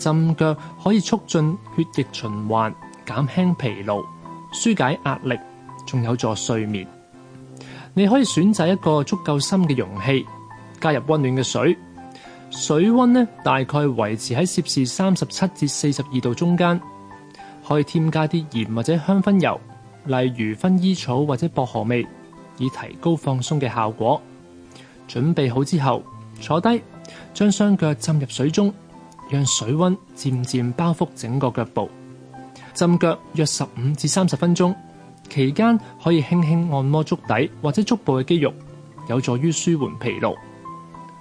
浸腳可以促進血液循環，減輕疲勞，舒解壓力，仲有助睡眠。你可以選擇一個足夠深嘅容器，加入溫暖嘅水，水溫呢，大概維持喺攝氏三十七至四十二度中間。可以添加啲鹽或者香薰油，例如薰衣草或者薄荷味，以提高放鬆嘅效果。準備好之後，坐低，將雙腳浸入水中。讓水溫漸漸包覆整個腳部，浸腳約十五至三十分鐘，期間可以輕輕按摩足底或者足部嘅肌肉，有助於舒緩疲勞。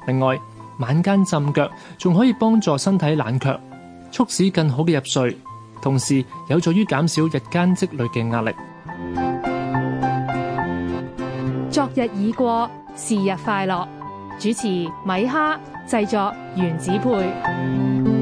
另外，晚間浸腳仲可以幫助身體冷卻，促使更好嘅入睡，同時有助於減少日間積累嘅壓力。昨日已過，是日快樂。主持米哈，製作原子配。